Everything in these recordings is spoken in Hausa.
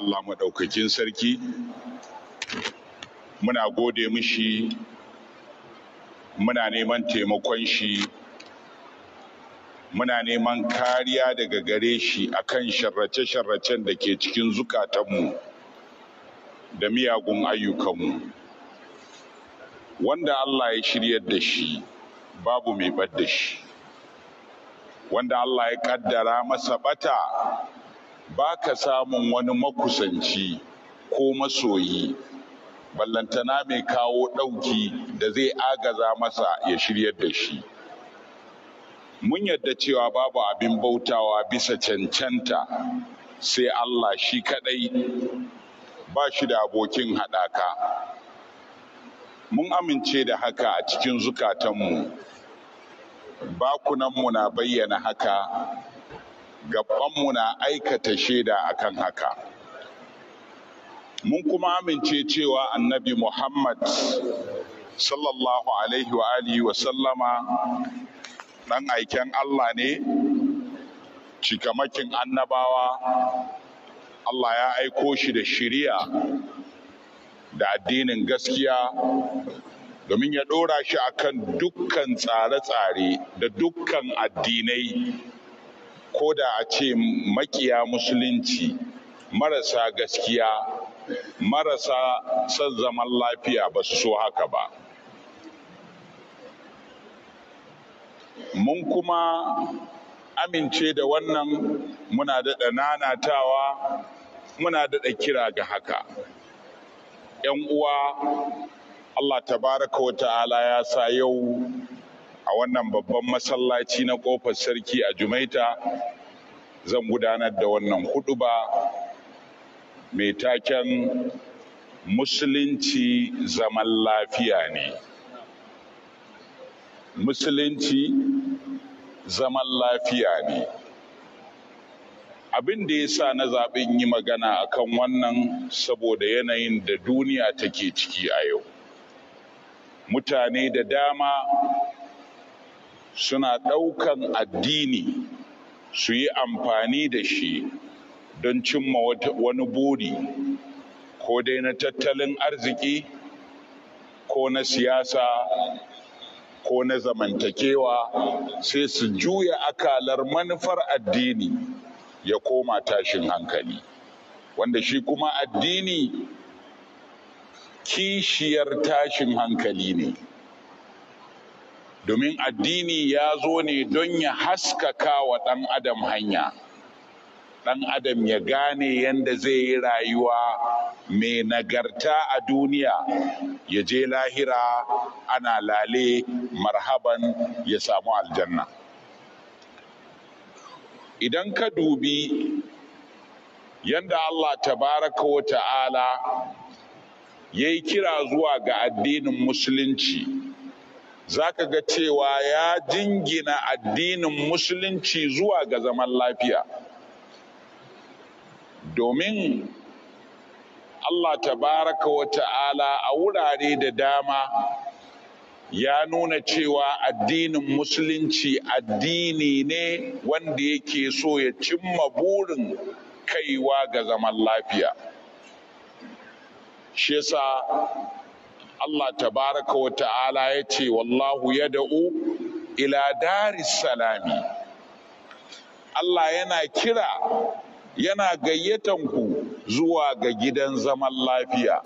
Allah maɗaukakin sarki muna gode mishi muna neman taimakon shi muna neman kariya daga gare shi akan sharrace-sharracen da ke cikin zukatanmu da miyagun ayyukanmu wanda Allah ya shiryar da shi babu mai ɓad da shi wanda Allah ya ƙaddara masa ɓata. ba ka samun wani makusanci ko masoyi ballantana mai kawo ɗauki da zai agaza masa ya shiryar da shi mun yadda cewa babu abin bautawa bisa cancanta sai Allah shi kadai ba shi da abokin haɗaka mun amince da haka a cikin zukatanmu bakunanmu na bayyana haka gabanmu na aikata shaida akan haka mun kuma amince cewa annabi muhammad sallallahu alaihi wa alihi wa sallama dan aiken allah ne cikamakin annabawa allah ya aiko shi da shiriya da addinin gaskiya domin ya ɗora shi akan dukkan tsare-tsare da dukkan addinai ko da a ce makiya musulunci marasa gaskiya marasa son zaman lafiya ba su so haka ba mun kuma amince da wannan muna daɗa nanatawa muna daɗa kira ga haka ‘yan uwa Allah tabaraka wa ta'ala ya sa yau a wannan babban masallaci na kofar sarki a Jumaita zan gudanar da wannan huduba mai taken musulunci zaman lafiya ne. Musulunci zaman lafiya ne. Abin da ya sa na zaɓin yi magana a kan wannan saboda yanayin da duniya take ciki a yau. Mutane da dama suna ɗaukan addini su yi amfani da shi don cimma wani buri ko dai na tattalin arziki ko na siyasa ko na zamantakewa sai su juya akalar manufar addini ya koma tashin hankali wanda shi kuma addini kishiyar tashin hankali ne domin addini ya zo ne don ya haskaka wa ɗan adam hanya ɗan adam ya gane yadda zai yi rayuwa mai nagarta a duniya ya je lahira ana lale marhaban ya samu aljanna idan ka dubi yadda allah tabaraka wa ta'ala ya yi kira zuwa ga addinin musulunci za ka ga cewa ya jingina addinin musulunci zuwa ga zaman lafiya domin Allah tabaraka wa ta'ala a wurare da dama ya nuna cewa addinin musulunci addini ne wanda yake so ya cimma burin kaiwa ga zaman lafiya shi yasa Allah tabaraka wa ta'ala ya ce wallahu ya da'u ila daris salami Allah yana kira yana gayyatan ku zuwa ga gidan zaman lafiya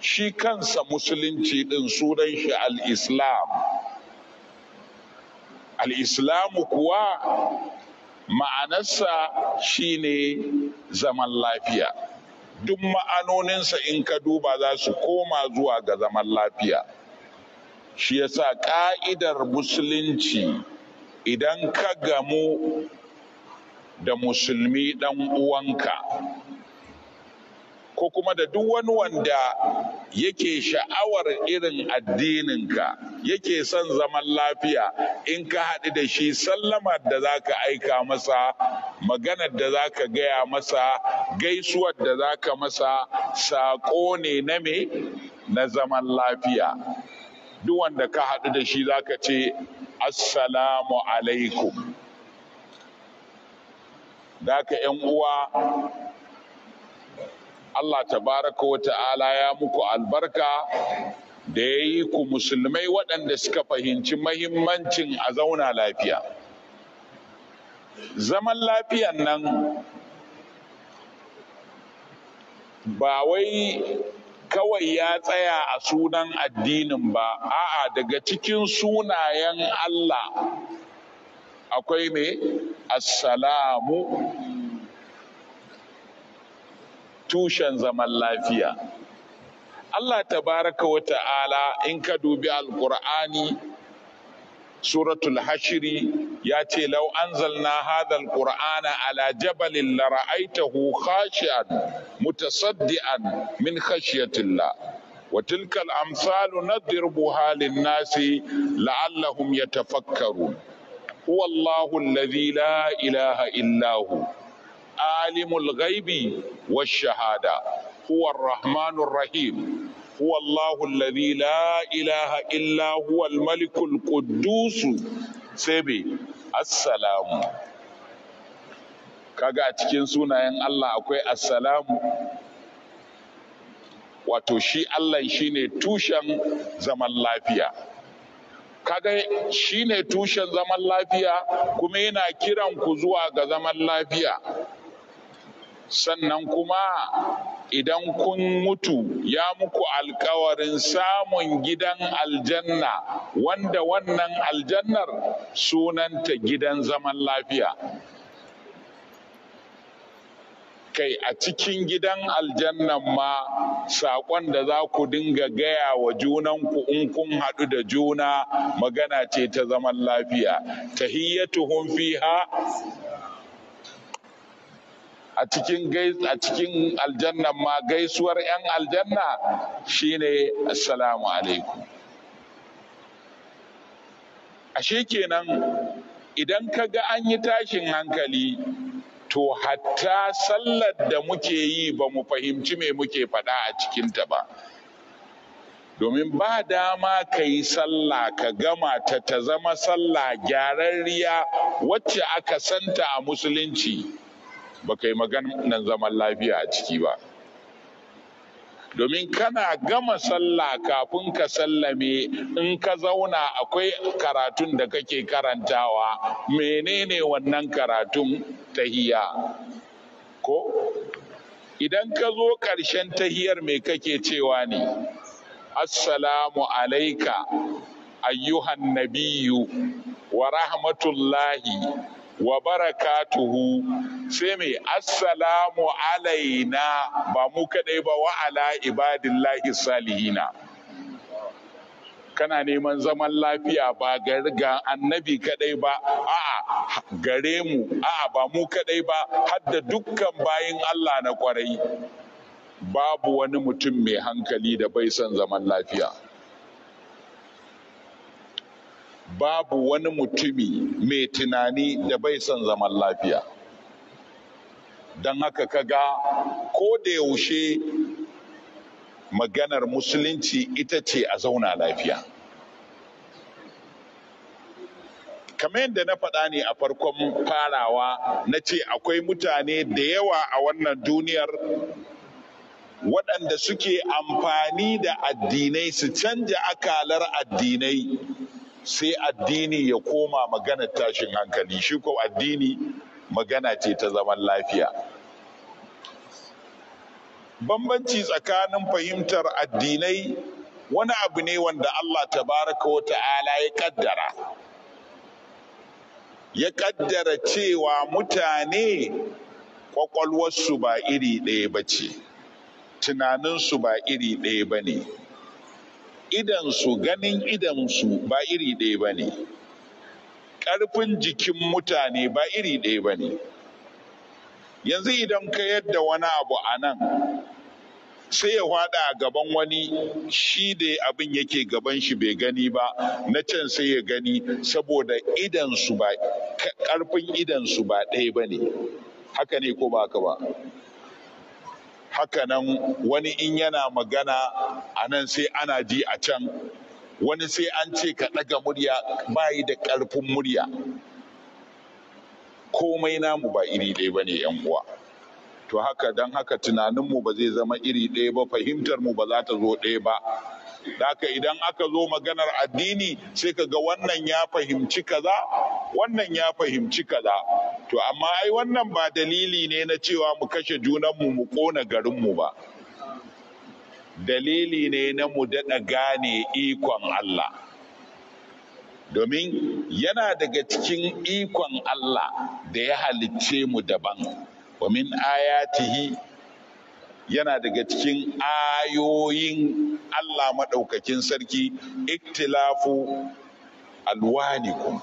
shi kansa musulunci din sunan shi al-islam al-islamu kuwa ma'anarsa shine zaman lafiya duk ma'anoninsa in ka duba za su koma zuwa ga zaman lafiya shi yasa ƙa'idar musulunci idan ka gamu da musulmi ɗan uwanka ko kuma da duk wani wanda yake sha'awar irin addininka yake son zaman lafiya in ka haɗu da shi sallamar da za ka aika masa maganar da za ka gaya masa gaisuwar da za ka masa saƙo ne na me na zaman lafiya duk wanda ka haɗu da shi za ka ce assalamu alaikum da ka uwa Allah tabaraka wa ta'ala ya muku albarka da ya yi ku musulmai waɗanda suka fahimci mahimmancin a zauna lafiya. Zaman lafiyan nan ba wai kawai ya tsaya a sunan addinin ba, a'a daga cikin sunayen Allah akwai mai assalamu tushen zaman lafiya Allah baraka wa ta'ala in ka dubi alkur'ani suratul hashiri ya ce lau anzalna hadal qur'ana ala jabalin la khashi'an mutasaddian min khashyatillah وتلك الأمثال نضربها للناس لعلهم يتفكرون هو الله الذي لا إله إلا هو alimul ghaibi wash-shahada huwa ar-rahmanur rahim هو الله الذي لا إله إلا هو الملك القدوس سبي السلام kaga a cikin sunayen Allah akwai assalamu wato shi Allah shine tushen zaman lafiya kaga shine tushen zaman lafiya kuma yana kiran ku zuwa ga zaman lafiya sannan kuma idan kun mutu ya muku alkawarin samun gidan aljanna wanda wannan aljannar sunanta gidan zaman lafiya kai a cikin gidan aljannan ma saƙon da za ku dinga gaya wa junanku in kun haɗu da juna magana ce ta zaman lafiya tahiyyatuhum fiha a cikin aljanna ma gaisuwar 'yan aljanna shine assalamu alaikum ashe kenan idan ka ga an yi tashin hankali to hatta sallar da muke yi ba mu fahimci me muke faɗa a cikinta ba domin ba dama ka yi sallah ka gama ta ta zama sallah gyararriya wacce aka santa a musulunci ba kai nan zaman lafiya a ciki ba domin kana gama sallah kafin ka sallame in ka zauna akwai karatun da kake karantawa menene wannan karatun tahiya ko idan ka zo ƙarshen tahiyar me kake cewa ne assalamu alaika ayyuhan nabiyu wa rahmatullahi wa barakatuhu sai mai assalamu alaina ba mu kadai ba wa ala ibadillahi salihina kana neman zaman lafiya ba ga annabi kadai ba a'a gare mu a'a ba mu kadai ba hadda dukkan bayin Allah na kwarai babu wani mutum mai hankali da bai son zaman lafiya babu wani mutumi mai tunani da bai son zaman lafiya don haka ka ga ko da yaushe maganar musulunci ita ce a zauna lafiya kamar da na faɗa ne a farkon farawa na ce akwai mutane da yawa a wannan duniyar waɗanda suke amfani da addinai su canja akalar addinai sai addini ya koma magana tashin hankali shi ko addini magana ce ta zaman lafiya bambanci tsakanin fahimtar addinai wani abu ne wanda Allah tabaraka wa ta'ala ya kaddara ya kaddara cewa mutane kwakwalwarsu ba iri ɗaya ba ce tunaninsu ba iri ɗaya ba ne idansu ganin idansu ba iri ɗaya ba ne ƙarfin jikin mutane ba iri ɗaya ba ne yanzu idan ka yadda wani abu a nan sai ya hwada a gaban wani shi da abin yake gaban shi bai gani ba na can sai ya gani saboda idansu ba ƙarfin idansu ba ɗaya ba ne haka ne ko ba ka ba Haka nan, wani in yana magana a nan sai ana ji a can wani sai an ce ka ɗaga murya bayi da ƙarfin murya komai namu ba iri ɗaya ba ne uwa to haka don haka tunaninmu ba zai zama iri ɗaya ba fahimtarmu ba za ta zo ɗaya ba Daka idan aka zo maganar addini sai ka ga wannan ya fahimci kaza, wannan ya fahimci kaza. To amma ai wannan ba dalili ne na cewa mu kashe junanmu mu ƙona garinmu ba. Dalili ne na mu daɗa gane ikon Allah. Domin yana daga cikin ikon Allah da ya halicce mu daban. Wa min ayatihi yana daga cikin ayoyin Allah maɗaukakin sarki iktilafu alwanikum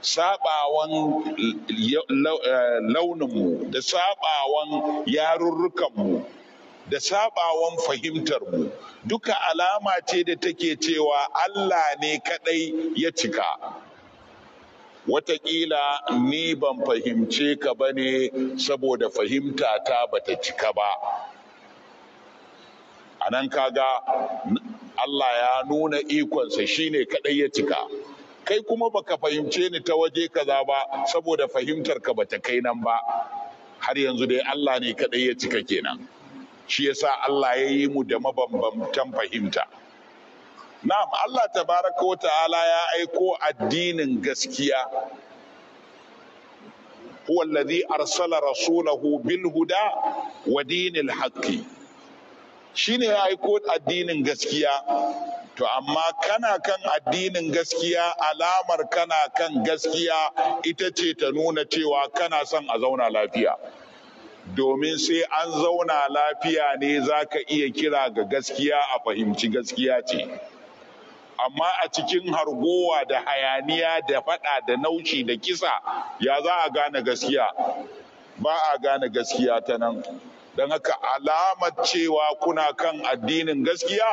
sabawan eh, launinmu da saɓawan yarurrukanmu da sabawan fahimtarmu duka alama ce da take cewa Allah ne kadai ya cika watakila ni ban fahimce ka ba ne saboda fahimta ta bata cika ba a nan kaga Allah ya nuna ikonsa shine kadai ya cika kai kuma baka fahimce ni ta waje kaza ba saboda fahimtar ka bata kai nan ba har yanzu dai Allah ne kadai ya cika kenan shi yasa Allah ya yi mu da mabambamtan fahimta na'am Allah tabaraka wa ta'ala ya aiko addinin gaskiya huwa alladhi arsala rasulahu bil huda wa dinil haqqi shine ya aiko addinin gaskiya to amma kana kan addinin gaskiya alamar kana kan gaskiya ita ce ta nuna cewa kana son a zauna lafiya domin sai an zauna lafiya ne za ka iya kira ga gaskiya a fahimci gaskiya ce. amma a cikin hargowa da hayaniya da fada da nauci da kisa ya za a gane gaskiya ba a gane gaskiya ta nan don haka alamar cewa kuna kan addinin gaskiya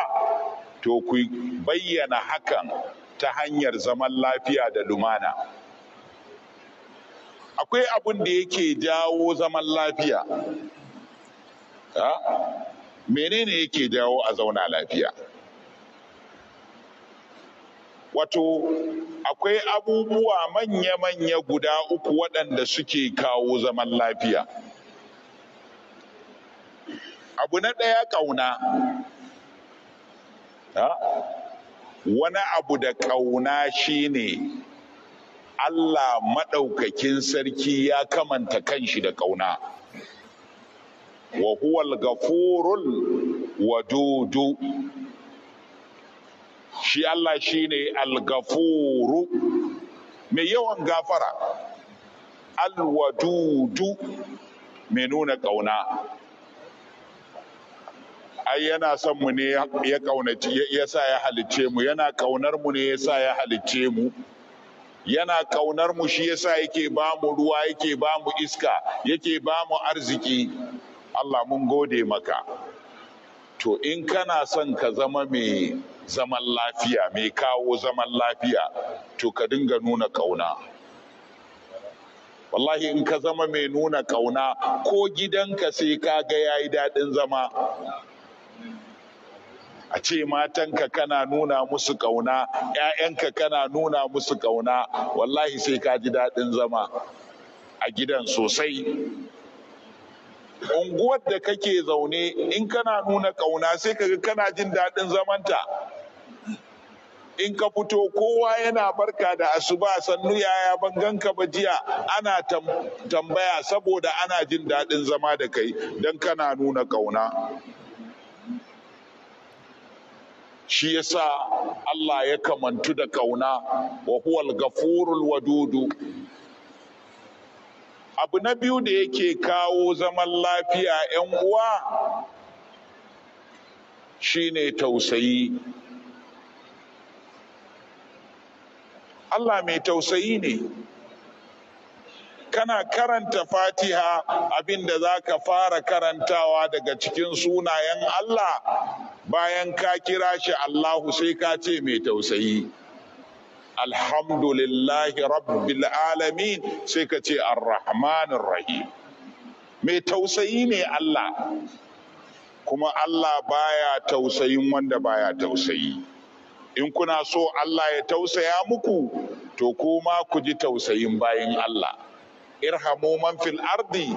to ku bayyana hakan ta hanyar zaman lafiya da lumana akwai abin da yake jawo zaman lafiya menene yake jawo a zauna lafiya wato akwai abubuwa manya-manya guda uku waɗanda suke kawo zaman lafiya abu na ɗaya ƙauna wani abu da ƙauna shi ne Allah maɗaukakin sarki ya kamanta kanshi da ƙauna wa huwal gafurul wadudu shi Allah shine al-ghafuru mai yawan gafara Alwadudu wadudu mai nuna ƙauna. ai yana son mu ne ya kaunaci ya sa ya halicce mu yana kaunar mu ne ya sa ya halicce mu yana kaunar mu shi ya sa yake ba mu ruwa yake ba mu iska yake ba mu arziki Allah mun gode maka to in kana son ka zama mai zaman lafiya mai kawo zaman lafiya to ka dinga nuna kauna wallahi in ka zama mai nuna kauna ko gidanka sai ka ga ya yi daɗin zama a ce matanka kana nuna musu kauna 'ya'yanka kana nuna musu kauna wallahi sai ka ji daɗin zama a gidan sosai unguwar da kake zaune in kana nuna ƙauna sai kaga kana jin daɗin zamanta in ka fito kowa yana barka da asuba sannu yaya bangan ka ba jiya ana tambaya saboda ana jin daɗin zama da kai don kana nuna ƙauna shi yasa Allah ya kamantu da ƙauna wa huwal gafurul wadudu abu na biyu da yake kawo zaman lafiya 'yan uwa shine tausayi Allah mai tausayi ne kana karanta fatiha abin da za ka fara karantawa daga cikin sunayen Allah bayan ka kira shi Allahu sai ka ce mai tausayi. alhamdulillahi rabbil alamin sai ka ce arrahmanir rahim mai tausayi ne Allah kuma Allah baya tausayin wanda baya tausayi in kuna so Allah ya tausaya muku to kuma ku ji tausayin bayin Allah irhamu man fil ardi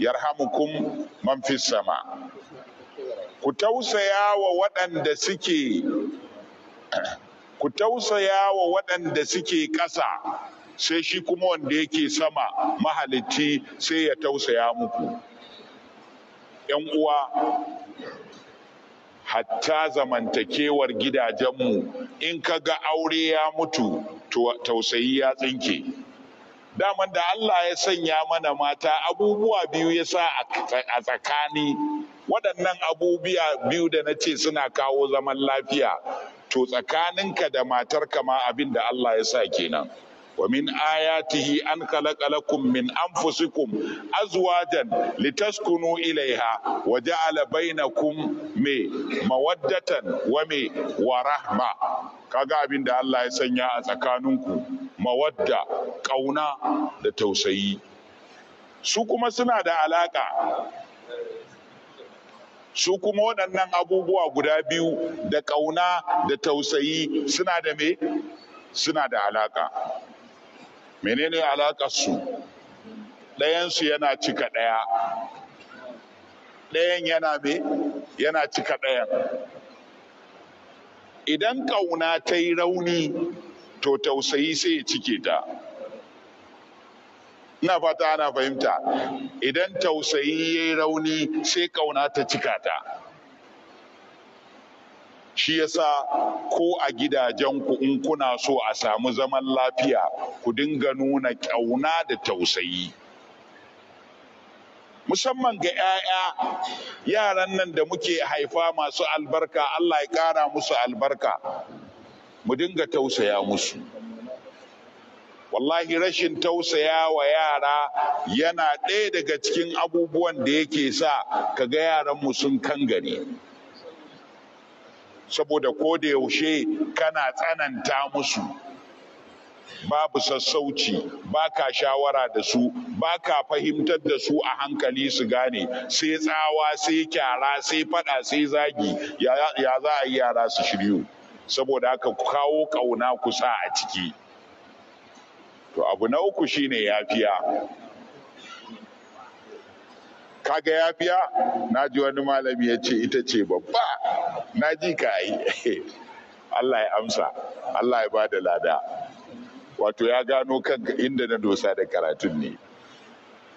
yarhamukum man fis sama ku tausaya wa waɗanda suke ku tausaya wa waɗanda suke ƙasa sai shi kuma wanda yake sama mahalicci sai ya tausaya muku ‘yan uwa hatta zamantakewar gidajenmu in ka ga aure ya mutu tausayi ya tsinke daman da Allah ya sanya mana mata abubuwa biyu ya sa a tsakani waɗannan abubuwa biyu da na ce suna kawo zaman lafiya to tsakaninka da matarka ma abin da Allah ya sa kenan wa min ayatihi an khalaqa lakum min anfusikum azwajan litaskunu ilaiha waje ja'ala bainakum me mawaddatan wa me wa rahma kaga abin da Allah ya sanya a tsakaninku mawadda kauna da tausayi su kuma suna da alaka su kuma waɗannan abubuwa guda biyu da ƙauna da tausayi suna da me suna da alaƙa menene alaƙarsu ɗayansu yana cika ɗaya ɗayan yana me yana cika ɗayan idan ƙauna ta yi rauni to tausayi sai ya cike ta ina fata ana fahimta idan tausayi ya yi rauni sai kauna ta cika ta shi yasa ko a gidajen ku in kuna so a samu zaman lafiya ku dinga nuna ƙauna da tausayi musamman ga 'ya'ya yaran nan da muke haifa masu albarka allah ya ƙara musu albarka mu dinga tausaya musu wallahi rashin tausaya wa yara yana ɗaya daga cikin abubuwan da yake sa ka yaran yaranmu sun kan gari saboda ko da yaushe kana tsananta musu babu sassauci ba ka shawara da su ba ka fahimtar da su a hankali su gane sai tsawa sai kyara sai fada sai zagi ya za a yi yara su shiryu saboda haka ku kawo ƙauna kusa a ciki to abu na uku shine yafiya kaga yafiya na ji wani malami ya ce ita ce babba na ji ka yi Allah ya amsa Allah ya ba lada wato ya gano kan inda na dosa da karatun ne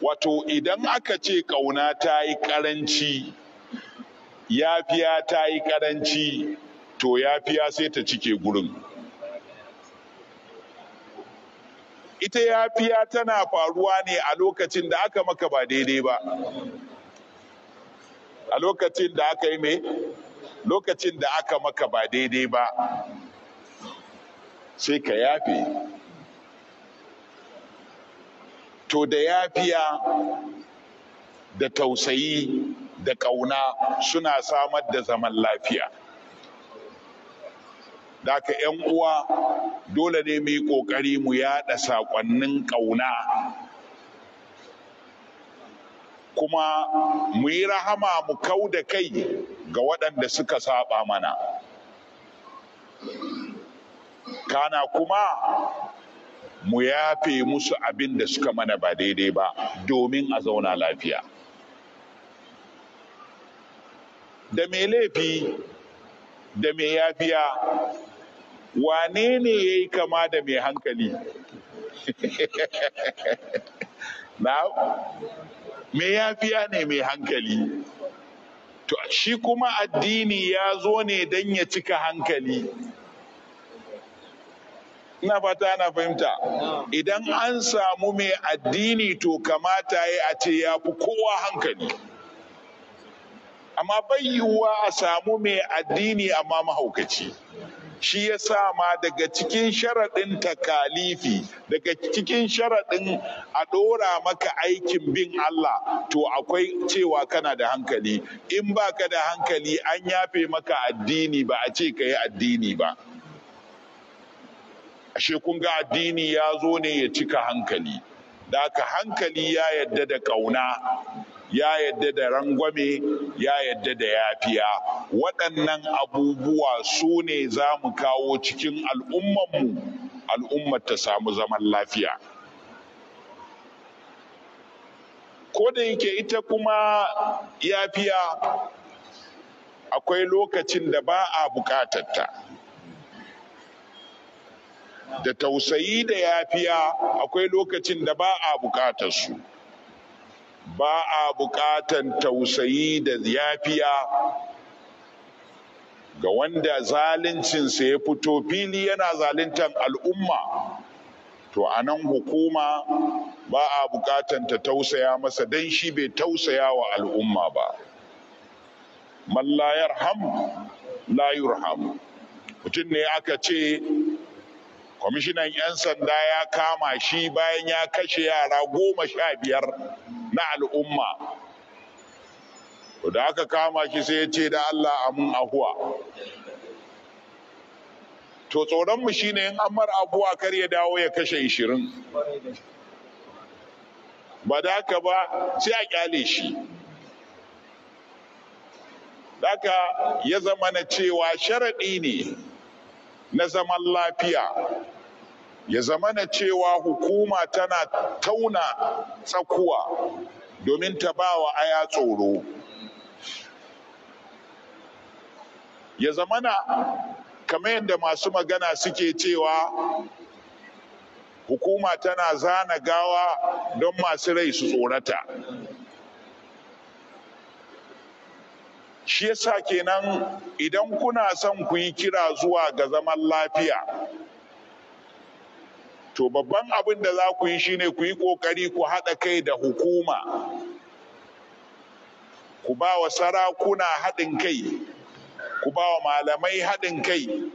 wato idan aka ce ƙauna ta yi ƙaranci yafiya ta yi ƙaranci to yafiya sai ta cike gurin ita yafiya tana faruwa ne a lokacin da aka maka ba daidai ba a lokacin da aka yi mai lokacin da aka maka ba daidai ba sai ka yafe to da yafiya da tausayi da ƙauna suna samar da zaman lafiya Daka yan uwa dole ne mu yi kokari mu yada sakonnin kauna kuma mu yi rahama mu kau da kai ga waɗanda suka saba mana kana kuma mu yafe musu abin da suka mana ba daidai ba domin a zauna lafiya da mai laifi da mai yafiya wane ne ya yi kama da mai hankali na yafiya ne mai hankali to shi kuma addini ya zo ne don ya cika hankali ina fata na fahimta idan an samu mai addini to kamata ya a ce ya fi kowa hankali amma yiwuwa a samu mai addini amma mahaukaci shi ya sa ma daga cikin sharaɗin takalifi daga cikin sharaɗin a ɗora maka aikin bin Allah to akwai cewa kana da hankali in ba ka da hankali an yafe maka addini ba a ce ka yi addini ba ashe kun ga addini ya zo ne ya cika hankali da ka hankali ya yadda da ƙauna ya yadda da rangwame ya yadda da yafiya waɗannan abubuwa su ne za mu kawo cikin al'ummanmu al'ummar ta samu zaman lafiya ko da yake ita kuma yafiya akwai lokacin da ba a bukatarta da tausayi da yafiya akwai lokacin da ba a bukatarsu su ba a buƙatan tausayi da yafiya ga wanda zaluncinsa ya fito fili yana zaluntan al'umma to a nan hukuma ba a buƙatan ta tausaya masa don shi bai tausaya wa al'umma ba Mallayar la Ham. mutum ne aka ce kwamishinan 'yan sanda ya kama shi bayan ya kashe yara goma sha biyar na al'umma da aka kama shi sai ya ce da allah amin ahuwa to tsoron tsoronmu shine in amar abuwa kar ya dawo ya kashe ishirin ba da haka ba sai a kyale shi Daka ya zama na cewa sharaɗi ne na zaman lafiya ya zamana cewa hukuma tana tauna tsakuwa domin ta ba wa aya tsoro ya zamana kamar yadda masu magana suke cewa hukuma tana zana gawa don masu rai su tsorata shi yasa kenan idan kuna son ku yi kira zuwa ga zaman lafiya to babban abin da za ku yi shine ku yi ƙoƙari ku haɗa kai da hukuma ku ba wa sarakuna haɗin kai ku ba wa malamai haɗin kai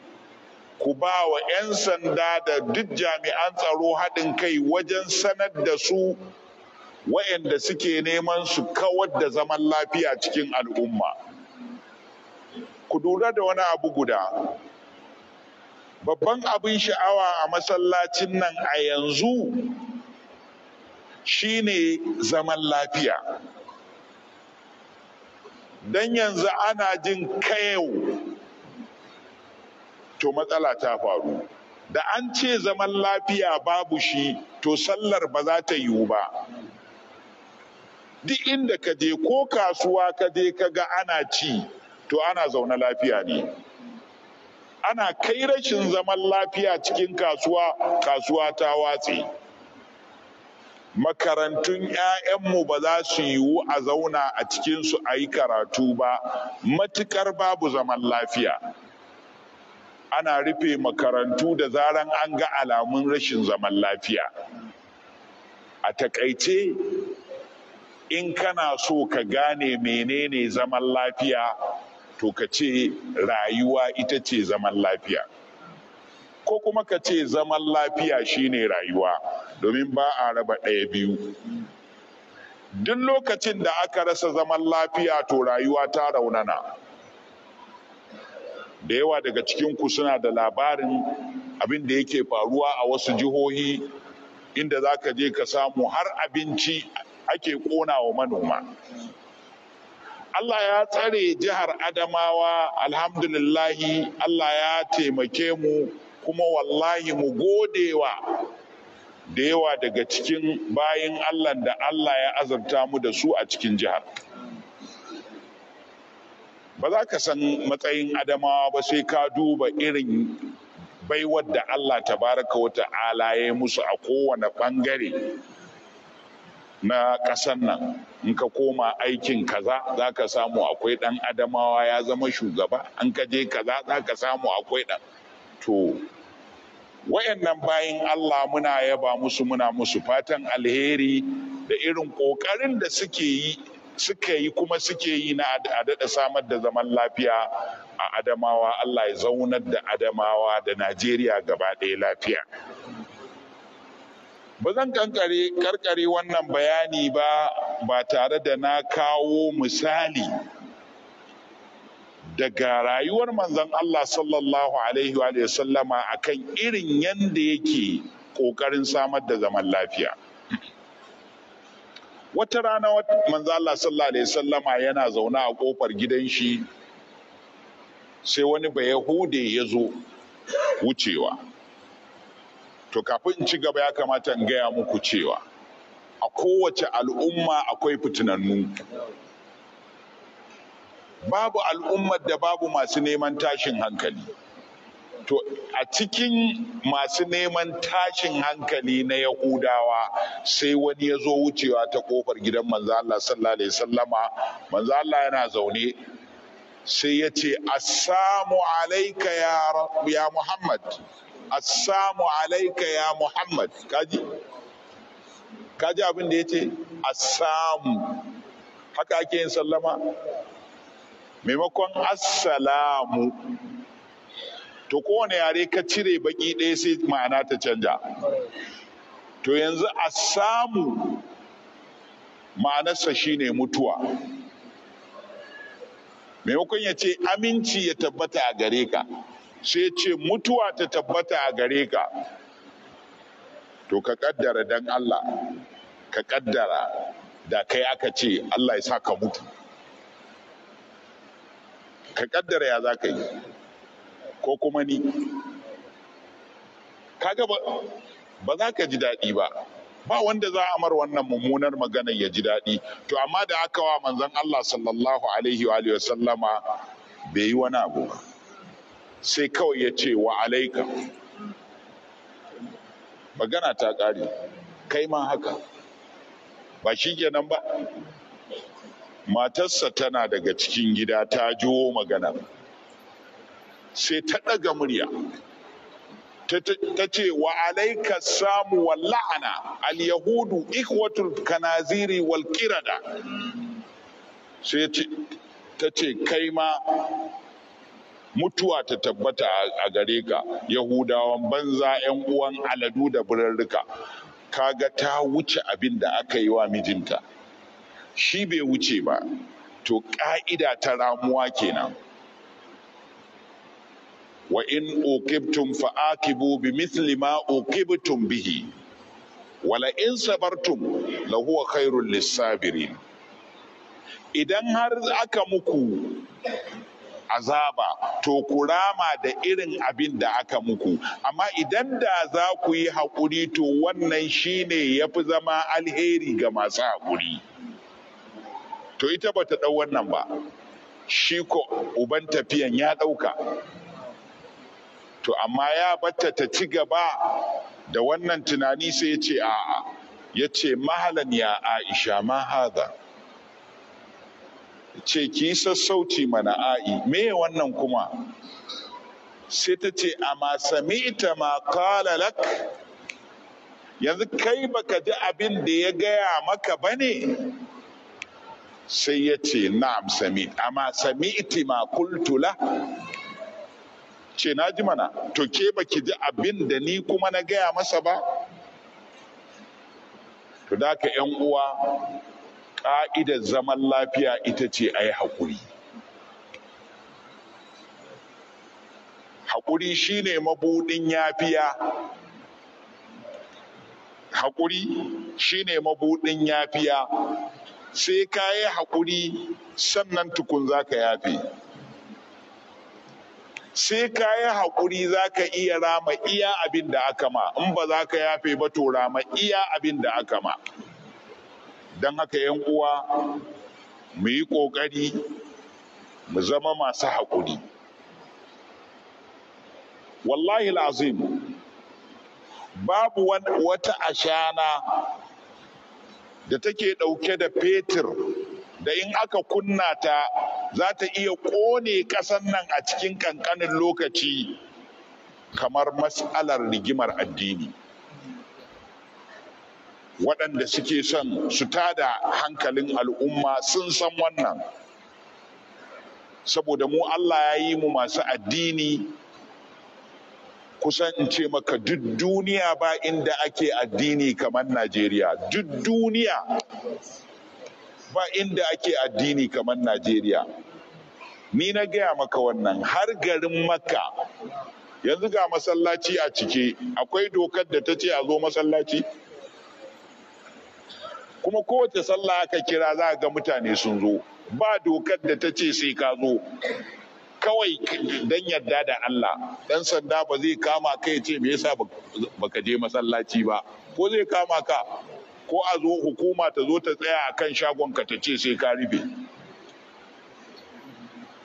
ku ba wa 'yan sanda da duk jami'an tsaro haɗin kai wajen sanar da su wa'anda suke neman su kawar da zaman lafiya cikin al'umma ku lura da wani abu guda babban abin sha'awa a masallacin nan a yanzu shine zaman lafiya don yanzu ana jin kayau to matsala ta faru da an ce zaman lafiya babu shi to sallar ba za ta yiwu ba duk inda ka je ko kasuwa ka je ka ga ana ci to ana zaune lafiya ne ana kai rashin zaman lafiya cikin kasuwa kasuwa ta watse makarantun 'ya'yanmu ba za su yiwu a zauna a cikinsu a yi karatu ba matukar babu zaman lafiya ana rufe makarantu da zaran an ga alamun rashin zaman lafiya a takaice in kana so ka gane menene zaman lafiya to ka ce rayuwa ita ce zaman lafiya ko kuma ka ce zaman lafiya shine rayuwa domin ba a raba ɗaya biyu duk lokacin da aka rasa zaman lafiya to rayuwa ta raunana da yawa daga cikinku suna da labarin abin da yake faruwa a wasu jihohi inda za ka je ka samu har abinci ake ƙona wa manoma Allah ya tsare jihar Adamawa alhamdulillahi Allah ya taimake mu kuma wallahi mu godewa da yawa daga cikin bayin Allah da Allah ya azabta mu da su a cikin jihar. Ba za ka san matsayin Adamawa ba sai ka duba irin baiwar da Allah ta baraka ta'ala ya musu a kowane ɓangare. na ƙasar nan in ka koma aikin kaza za ka samu akwai ɗan adamawa ya zama shugaba an ka je kaza za ka samu akwai ɗan to wayannan bayin Allah muna yaba musu muna musu fatan alheri da irin ƙoƙarin da suke yi suka yi kuma suke yi na adada daɗa samar da zaman lafiya a adamawa Allah ya zaunar da adamawa da Najeriya gaba ɗaya lafiya. Ba zan kankare karkare wannan bayani ba ba tare da na kawo misali daga rayuwar manzon Allah sallallahu alaihi wa sallama akan irin yanda yake ƙoƙarin samar da zaman lafiya. Wata rana manzo Allah sallallahu alaihi sallama yana zaune a ƙofar gidan shi sai wani bayahude ya zo wucewa. To kafin in ci gaba ya kamata in gaya muku cewa a kowace al'umma akwai fitinannu. Babu al'ummar da babu masu neman tashin hankali. To a cikin masu neman tashin hankali na Yahudawa sai wani ya zo wucewa ta kofar gidan manzo Allah sallallahu alaihi sallama Allah yana zaune sai ya ce assamu alaika ya Muhammad assamu alaika ya muhammad kaji kaji abin da ya ce assamu haka ake yin sallama maimakon assalamu to kowane yare ka cire baki ɗaya sai ma'ana ta canja to yanzu assamu ma'anarsa shine mutuwa maimakon ya ce aminci ya tabbata a gare ka sai ce mutuwa ta tabbata a gare ka to ka kaddara dan Allah ka kaddara da kai aka ce Allah ya sa ka mutu ka kaddara ya za ka yi ko kuma ni kaga ba za ka ji daɗi ba ba wanda za a mar wannan mummunar maganar ya ji daɗi to amma da aka wa manzon Allah sallallahu alaihi wa sallama bai yi wani abu ba sai kawai ya ce wa alaika magana ta ƙare kai ma haka ba shi kenan ba matarsa tana daga cikin gida ta jiwo magana sai ta ɗaga murya ta ce wa alaika samu wa la'ana al-yahudu ikwatul kanaziri wal kirada sai ta ce kai ma mutuwa ta tabbata a gare ka yahudawan banza 'yan uwan aladu da birarruka kaga ta wuce abin da aka yi wa mijinta shi bai wuce ba to ka'ida ta ramuwa kenan wa in uqibtum fa bi mithli ma uqibtum bihi wala in sabartum la huwa khairul lisabirin idan har aka muku azaba to kurama da irin abin da aka muku amma idan da za ku yi haƙuri to wannan shine ya fi zama alheri ga masu haƙuri to ita ba ta ɗau wannan ba shi ko uban tafiyan ya ɗauka to amma ya batta ta ci gaba da wannan tunani sai ya ce a'a ya ce mahalan ya aisha ma haza ce ki sassauci mana a'i me wannan kuma sai ta ce amma ita ma kala lak yanzu kai baka ji abin da ya gaya maka ba ne? sai ya ce na'am sami amma ita ma kultula. ce na ji mana to ke baki ji abin da ni kuma na gaya masa ba to da ka 'yan uwa Ka'idar zaman lafiya ita ce a yi haƙuri haƙuri shine mabuɗin yafiya haƙuri shine mabuɗin yafiya sai ka yi haƙuri sannan tukun za ka yafe sai ka yi haƙuri za ka iya rama iya abin da aka ma in ba za ka yafe ba to rama iya abin da aka ma don haka yan uwa mu yi ƙoƙari mu zama masu haƙuri wallahi lazim babu wata ashana da take ɗauke da fetur da in aka kunna ta za ta iya ƙone ƙasan nan a cikin ƙanƙanin lokaci kamar matsalar rigimar addini. waɗanda suke son su tada hankalin al'umma sun san wannan saboda mu Allah ya yi mu masu addini kusan in ce maka duk duniya ba inda ake addini kamar Najeriya duk duniya ba inda ake addini kamar Najeriya ni na gaya maka wannan har garin Makka, yanzu ga masallaci a cike akwai dokar da ta ce a zo masallaci kuma kowace sallah aka kira za ga mutane sun zo ba dokar da ta ce sai ka zo kawai dan yarda da Allah dan sanda ba zai kama ka ya ce me yasa baka je masallaci ba ko zai kama ka ko a zo hukuma ta zo ta tsaya a kan shagon ka ta ce sai ka rufe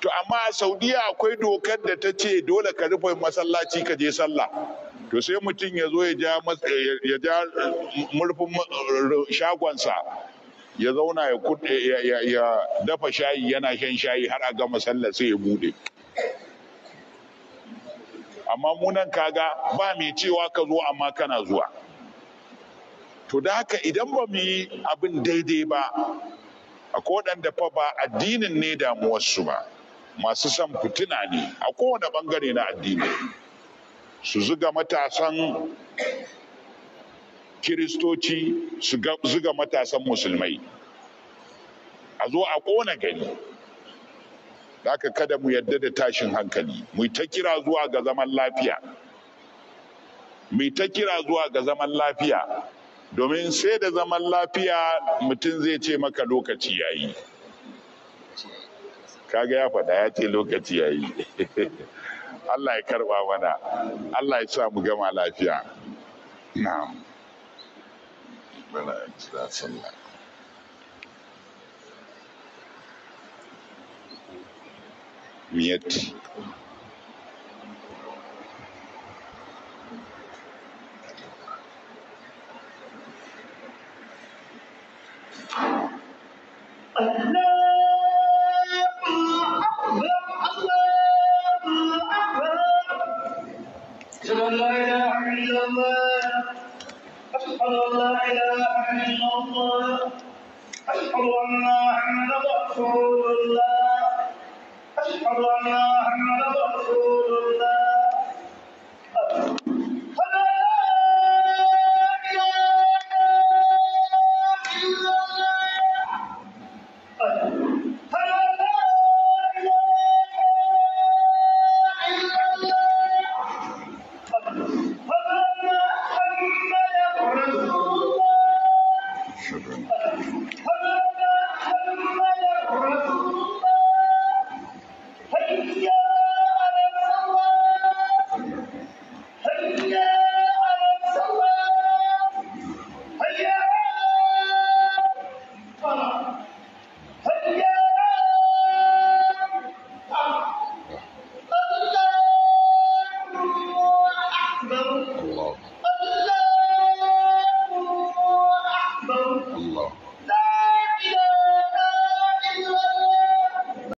to amma a saudiya akwai dokar da ta ce dole ka rufe masallaci ka je sallah to sai mutum ya zo ya ja murfin shagonsa ya zauna ya dafa shayi yana shan shayi har a gama sallah sai ya bude amma munan kaga ba mai cewa ka zo amma kana zuwa to da haka idan ba mu yi abin daidai ba a waɗanda fa ba addinin ne damuwarsu ba masu son fitina ne a kowane ɓangare na addini su zuga matasan kiristoci su zuga matasan musulmai a zo a ƙona gani haka kada mu yadda da tashin hankali mu ta kira zuwa ga zaman lafiya mu ta kira zuwa ga zaman lafiya domin sai da zaman lafiya mutum zai ce maka lokaci yayi kaga ya faɗa ya ce lokaci yayi Allah ya karba mana Allah ya sa mu gama lafiya na'am bala kira sallah miyati Allah الله